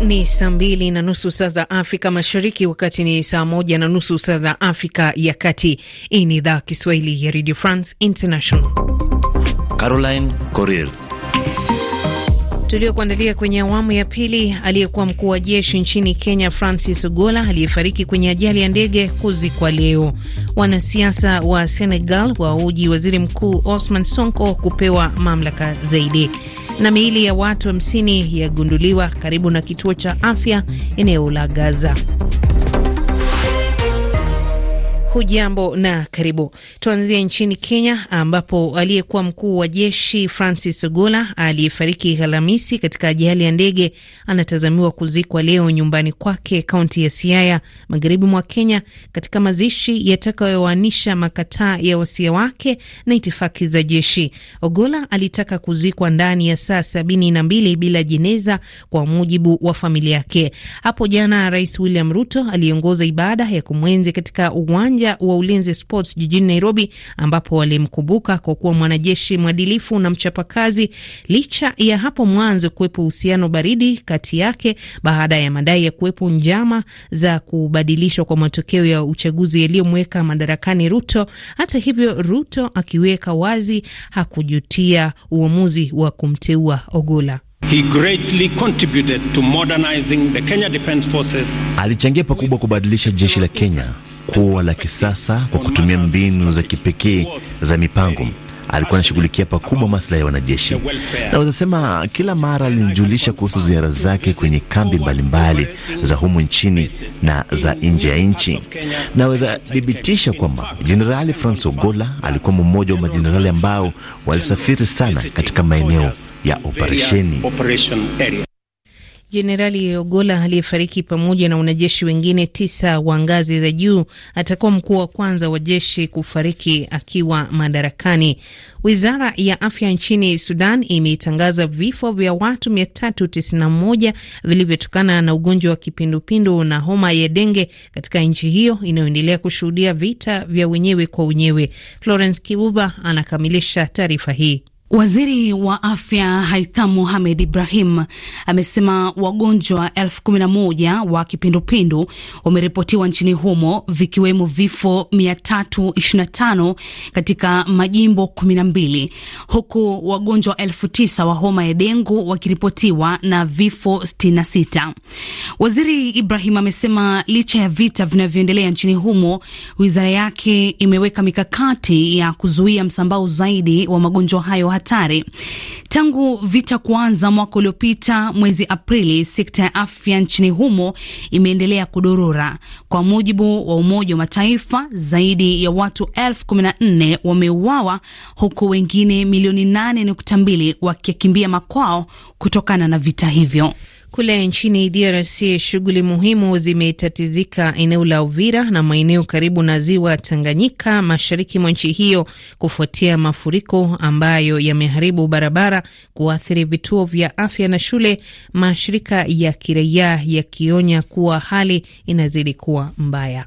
Ni saa mbili na nusu saa za Afrika Mashariki, wakati ni saa moja na nusu saa za Afrika ya Kati. Hii ni idhaa Kiswahili ya Radio France International. Caroline Coril tuliokuandalia kwenye awamu ya pili. Aliyekuwa mkuu wa jeshi nchini Kenya Francis Ogola aliyefariki kwenye ajali ya ndege kuzikwa leo. Wanasiasa wa Senegal wauji waziri mkuu Osman Sonko kupewa mamlaka zaidi. Na miili ya watu hamsini yagunduliwa karibu na kituo cha afya eneo la Gaza. Hujambo na karibu. Tuanzie nchini Kenya ambapo aliyekuwa mkuu wa jeshi Francis Ogola aliyefariki Alhamisi katika ajali ya ndege anatazamiwa kuzikwa leo nyumbani kwake kaunti ya Siaya, magharibi mwa Kenya, katika mazishi yatakayoanisha makataa ya wasia wake na itifaki za jeshi. Ogola alitaka kuzikwa ndani ya saa sabini na mbili bila jeneza, kwa mujibu wa familia yake. Hapo jana Rais William Ruto aliongoza ibada ya kumwenzi katika uwanja uwanja wa Ulinzi Sports jijini Nairobi, ambapo walimkumbuka kwa kuwa mwanajeshi mwadilifu na mchapakazi, licha ya hapo mwanzo kuwepo uhusiano baridi kati yake baada ya madai ya kuwepo njama za kubadilishwa kwa matokeo ya uchaguzi yaliyomweka madarakani Ruto. Hata hivyo, Ruto akiweka wazi hakujutia uamuzi wa kumteua Ogola. He greatly contributed to modernizing the Kenya Defence Forces. Alichangia pakubwa kubadilisha jeshi la Kenya kuwa la kisasa kwa kutumia mbinu za kipekee za mipango. Alikuwa anashughulikia pakubwa maslahi ya wanajeshi. Naweza sema kila mara alinijulisha kuhusu ziara zake kwenye kambi mbalimbali mbali za humu nchini na za nje ya nchi. Naweza thibitisha kwamba Jenerali Franc Ogola alikuwa mmoja wa majenerali ambao walisafiri sana katika maeneo ya operesheni. Jenerali Ogola aliyefariki pamoja na wanajeshi wengine tisa wa ngazi za juu atakuwa mkuu wa kwanza wa jeshi kufariki akiwa madarakani. Wizara ya afya nchini Sudan imetangaza vifo vya watu 391 vilivyotokana na ugonjwa wa kipindupindu na homa ya denge katika nchi hiyo inayoendelea kushuhudia vita vya wenyewe kwa wenyewe. Florence Kibuba anakamilisha taarifa hii. Waziri wa afya Haitham Mohamed Ibrahim amesema wagonjwa elfu kumi na moja wa kipindupindu wameripotiwa nchini humo vikiwemo vifo 325 katika majimbo 12 huku wagonjwa elfu tisa wa homa ya dengu wakiripotiwa na vifo 66. Waziri Ibrahim amesema licha ya vita vinavyoendelea nchini humo, wizara yake imeweka mikakati ya kuzuia msambao zaidi wa magonjwa hayo hatari. Tangu vita kuanza mwaka uliopita mwezi Aprili, sekta ya afya nchini humo imeendelea kudorora. Kwa mujibu wa Umoja wa Mataifa, zaidi ya watu elfu kumi na nne wameuawa huku wengine milioni nane nukta mbili wakikimbia makwao kutokana na vita hivyo. Kule nchini DRC shughuli muhimu zimetatizika eneo la Uvira na maeneo karibu na ziwa Tanganyika mashariki mwa nchi hiyo kufuatia mafuriko ambayo yameharibu barabara, kuathiri vituo vya afya na shule, mashirika ya kiraia yakionya kuwa hali inazidi kuwa mbaya.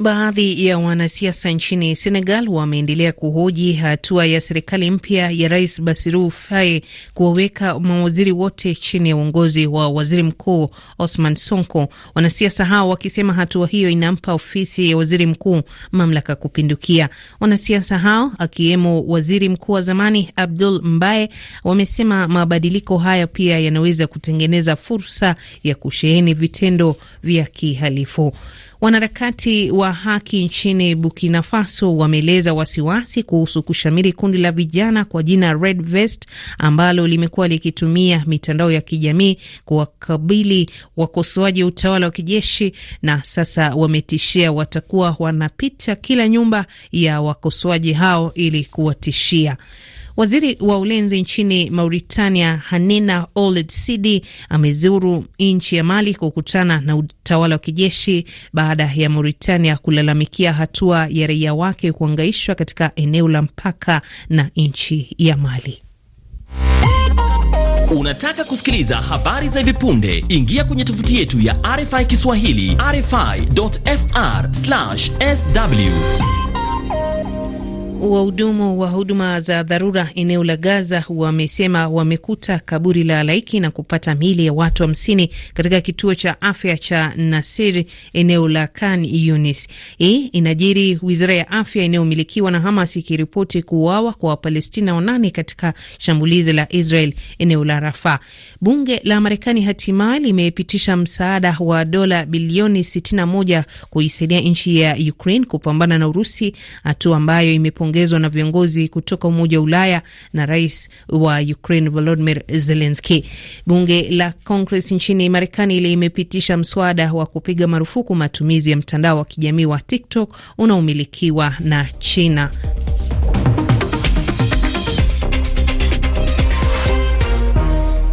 Baadhi ya wanasiasa nchini Senegal wameendelea kuhoji hatua ya serikali mpya ya Rais basiru Faye kuwaweka mawaziri wote chini ya uongozi wa waziri mkuu Osman Sonko, wanasiasa hao wakisema hatua hiyo inampa ofisi ya waziri mkuu mamlaka kupindukia. Wanasiasa hao akiwemo waziri mkuu wa zamani Abdul Mbaye wamesema mabadiliko haya pia yanaweza kutengeneza fursa ya kusheheni vitendo vya kihalifu. Wanaharakati wa haki nchini Burkina Faso wameeleza wasiwasi kuhusu kushamiri kundi la vijana kwa jina Red Vest ambalo limekuwa likitumia mitandao ya kijamii kuwakabili wakosoaji wa utawala wa kijeshi, na sasa wametishia watakuwa wanapita kila nyumba ya wakosoaji hao ili kuwatishia. Waziri wa ulinzi nchini Mauritania Hanina Old Sidi amezuru nchi ya Mali kukutana na utawala wa kijeshi baada ya Mauritania kulalamikia hatua ya raia wake kuangaishwa katika eneo la mpaka na nchi ya Mali. Unataka kusikiliza habari za hivi punde? Ingia kwenye tovuti yetu ya RFI Kiswahili, rfi.fr/sw. Wahudumu wa huduma za dharura eneo la Gaza wamesema wamekuta kaburi la halaiki na kupata miili ya watu hamsini wa katika kituo cha afya cha Nasir eneo la Khan Yunis. Hii inajiri wizara ya afya inayomilikiwa na Hamas ikiripoti kuuawa kwa Wapalestina wanane katika shambulizi la Israel eneo la Rafa. Bunge la Marekani hatimaye limepitisha msaada wa dola bilioni 61 kuisaidia nchi ya Ukraine kupambana na Urusi, hatua ambayo imepongezwa yaliyoongezwa na viongozi kutoka Umoja wa Ulaya na rais wa Ukraine volodimir zelenski Bunge la Congress nchini Marekani limepitisha mswada wa kupiga marufuku matumizi ya mtandao wa kijamii wa TikTok unaomilikiwa na China.